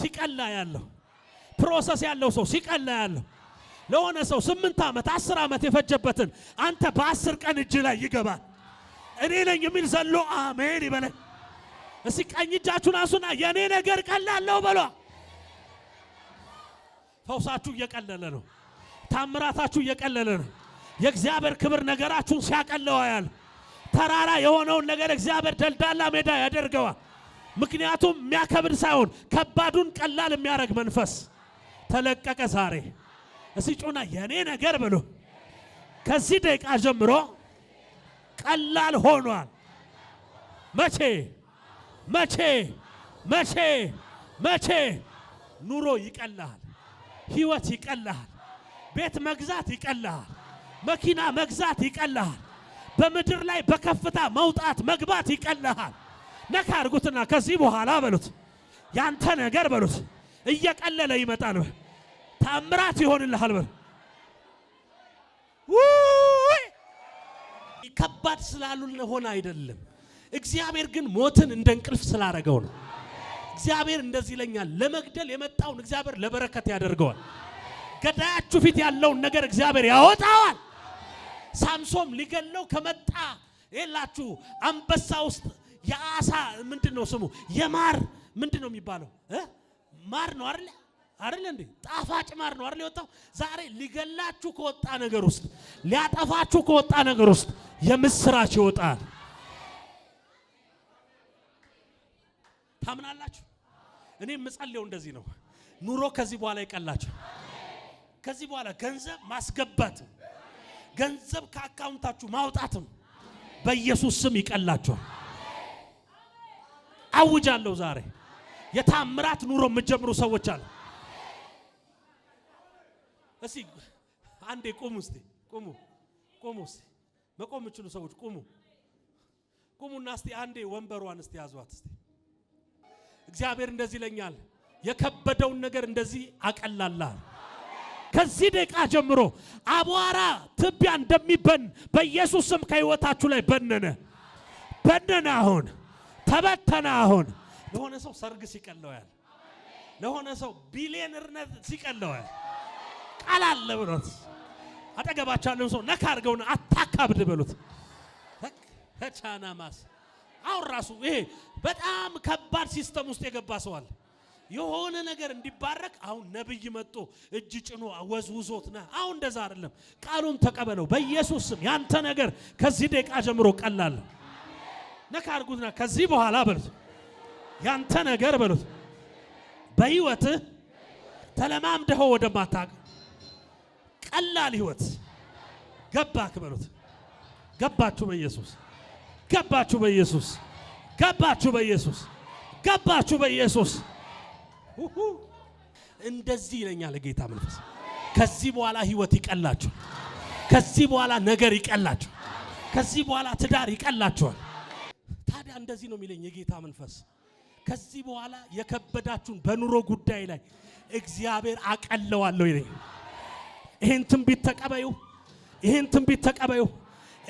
ሲቀላ ያለው ፕሮሰስ ያለው ሰው ሲቀላ ያለው ለሆነ ሰው ስምንት ዓመት አስር ዓመት የፈጀበትን አንተ በአስር ቀን እጅ ላይ ይገባል። እኔ ነኝ የሚል ዘሎ አሜን ይበለ። እስቲ ቀኝ እጃችሁን አንሱና የእኔ ነገር ቀላለሁ በሏ። ፈውሳችሁ እየቀለለ ነው። ታምራታችሁ እየቀለለ ነው። የእግዚአብሔር ክብር ነገራችሁን ሲያቀለዋ ያለ ተራራ የሆነውን ነገር እግዚአብሔር ደልዳላ ሜዳ ያደርገዋል። ምክንያቱም የሚያከብድ ሳይሆን ከባዱን ቀላል የሚያደርግ መንፈስ ተለቀቀ ዛሬ። እሲ ጩና የኔ ነገር ብሎ ከዚህ ደቂቃ ጀምሮ ቀላል ሆኗል። መቼ መቼ መቼ መቼ ኑሮ ይቀላል፣ ህይወት ይቀላል፣ ቤት መግዛት ይቀላል፣ መኪና መግዛት ይቀላል፣ በምድር ላይ በከፍታ መውጣት መግባት ይቀላል። ነካ አድርጉትና ከዚህ በኋላ በሉት ያንተ ነገር በሉት እየቀለለ ይመጣል። ታምራት ይሆንልሃል። በል ከባድ ስላሉን ሆነ አይደለም። እግዚአብሔር ግን ሞትን እንደ እንቅልፍ ስላረገው ነው። እግዚአብሔር እንደዚህ ይለኛል። ለመግደል የመጣውን እግዚአብሔር ለበረከት ያደርገዋል። ገዳያችሁ ፊት ያለውን ነገር እግዚአብሔር ያወጣዋል። ሳምሶም ሊገለው ከመጣ የላችሁ አንበሳ ውስጥ የአሳ ምንድን ነው ስሙ? የማር ምንድን ነው የሚባለው? ማር ነው አይደል? አይደል እንዴ? ጣፋጭ ማር ነው አይደል የወጣው ዛሬ ሊገላችሁ ከወጣ ነገር ውስጥ ሊያጠፋችሁ ከወጣ ነገር ውስጥ የምስራች ይወጣል። ታምናላችሁ? እኔ የምጸልየው እንደዚህ ነው። ኑሮ ከዚህ በኋላ ይቀላችሁ። ከዚህ በኋላ ገንዘብ ማስገባትም ገንዘብ ከአካውንታችሁ ማውጣትም በኢየሱስ ስም ይቀላችኋል። አውጃለሁ። ዛሬ የታምራት ኑሮ የምጀምሩ ሰዎች አሉ። እስቲ አንዴ ቁሙ፣ እስቲ ቁሙ፣ ቁሙ። እስቲ መቆም የምችሉ ሰዎች ቁሙ፣ ቁሙና እስቲ አንዴ ወንበሯን እስቲ ያዟት። እስቲ እግዚአብሔር እንደዚህ ይለኛል፣ የከበደውን ነገር እንደዚህ አቀላላል። ከዚህ ደቂቃ ጀምሮ አቧራ ትቢያ እንደሚበን በኢየሱስ ስም ከህይወታችሁ ላይ በነነ፣ በነነ አሁን ተበተነ። አሁን ለሆነ ሰው ሰርግ ሲቀለዋል፣ ለሆነ ሰው ቢሊየነርነት ሲቀለዋል። ቃል አለ ብሎት አጠገባቸው ያለውን ሰው ነካ አድርገውና አታካብድ በሉት። ተቻና ማስ አሁን ራሱ ይሄ በጣም ከባድ ሲስተም ውስጥ የገባ ሰዋል የሆነ ነገር እንዲባረክ አሁን ነብይ መጦ እጅ ጭኖ አወዝውዞት ና። አሁን እንደዛ አይደለም። ቃሉን ተቀበለው በኢየሱስ ስም። ያንተ ነገር ከዚህ ደቂቃ ጀምሮ ቀላል ነካ አድርጉትና ከዚህ በኋላ በሉት ያንተ ነገር በሉት በህይወትህ ተለማምደህ ወደማታቅ ቀላል ህይወት ገባክ በሉት። ገባችሁ በኢየሱስ ገባችሁ በኢየሱስ ገባችሁ በኢየሱስ ገባችሁ በኢየሱስ። እንደዚህ ይለኛል ጌታ መንፈስ። ከዚህ በኋላ ህይወት ይቀላችሁ። ከዚህ በኋላ ነገር ይቀላችሁ። ከዚህ በኋላ ትዳር ይቀላችኋል። ታዲያ እንደዚህ ነው የሚለኝ የጌታ መንፈስ። ከዚህ በኋላ የከበዳችሁን በኑሮ ጉዳይ ላይ እግዚአብሔር አቀለዋለሁ ይለኝ። ይህን ትንቢት ተቀበዩ፣ ይህን ትንቢት ተቀበዩ።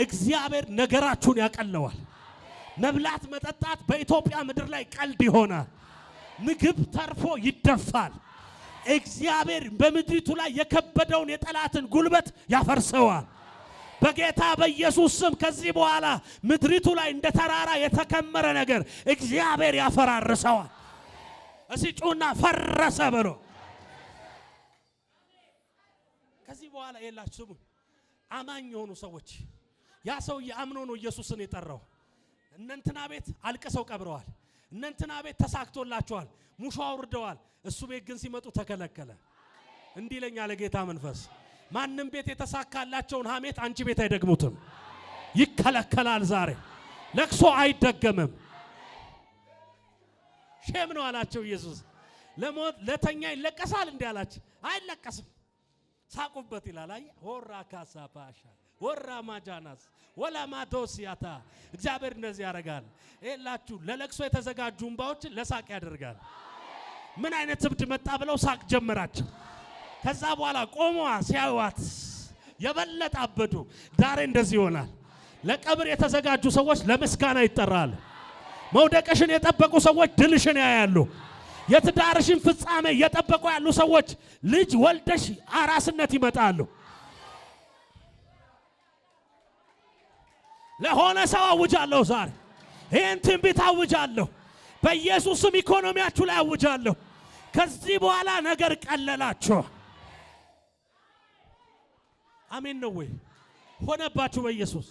እግዚአብሔር ነገራችሁን ያቀለዋል። መብላት መጠጣት በኢትዮጵያ ምድር ላይ ቀልድ ይሆናል። ምግብ ተርፎ ይደፋል። እግዚአብሔር በምድሪቱ ላይ የከበደውን የጠላትን ጉልበት ያፈርሰዋል። በጌታ በኢየሱስ ስም ከዚህ በኋላ ምድሪቱ ላይ እንደ ተራራ የተከመረ ነገር እግዚአብሔር ያፈራርሰዋል። እሲ ጩና ፈረሰ ብሎ ከዚህ በኋላ የላችሁ። ስሙ፣ አማኝ የሆኑ ሰዎች ያ ሰውዬ አምኖ ነው ኢየሱስን የጠራው። እነንትና ቤት አልቅሰው ቀብረዋል። እነንትና ቤት ተሳክቶላቸዋል፣ ሙሾ አውርደዋል። እሱ ቤት ግን ሲመጡ ተከለከለ። እንዲህ ይለኛል ጌታ መንፈስ ማንም ቤት የተሳካላቸውን ሐሜት አንቺ ቤት አይደግሙትም። ይከለከላል። ዛሬ ለቅሶ አይደገምም። ሼም ነው አላቸው ኢየሱስ። ለሞት ለተኛ ይለቀሳል እንዴ አላቸው። አይለቀስም። ሳቁበት ይላል። አይ ሆራ ካሳ ፓሻ ወራ ማጃናስ ወላ ማዶስያታ እግዚአብሔር እንደዚህ ያደርጋል። ይላችሁ ለለቅሶ የተዘጋጁ እንባዎችን ለሳቅ ያደርጋል። ምን አይነት እብድ መጣ ብለው ሳቅ ጀመራቸው። ከዛ በኋላ ቆመዋ ሲያዩዋት የበለጠ አበዱ። ዛሬ እንደዚህ ይሆናል። ለቀብር የተዘጋጁ ሰዎች ለምስጋና ይጠራሉ። መውደቀሽን የጠበቁ ሰዎች ድልሽን ያያሉ። የትዳርሽን ፍጻሜ እየጠበቁ ያሉ ሰዎች ልጅ ወልደሽ አራስነት ይመጣሉ። ለሆነ ሰው አውጃለሁ። ዛሬ ይህን ትንቢት አውጃለሁ። በኢየሱስም ኢኮኖሚያችሁ ላይ አውጃለሁ። ከዚህ በኋላ ነገር ቀለላችሁ። አሜን ነው ወይ? ሆነባችሁ በኢየሱስ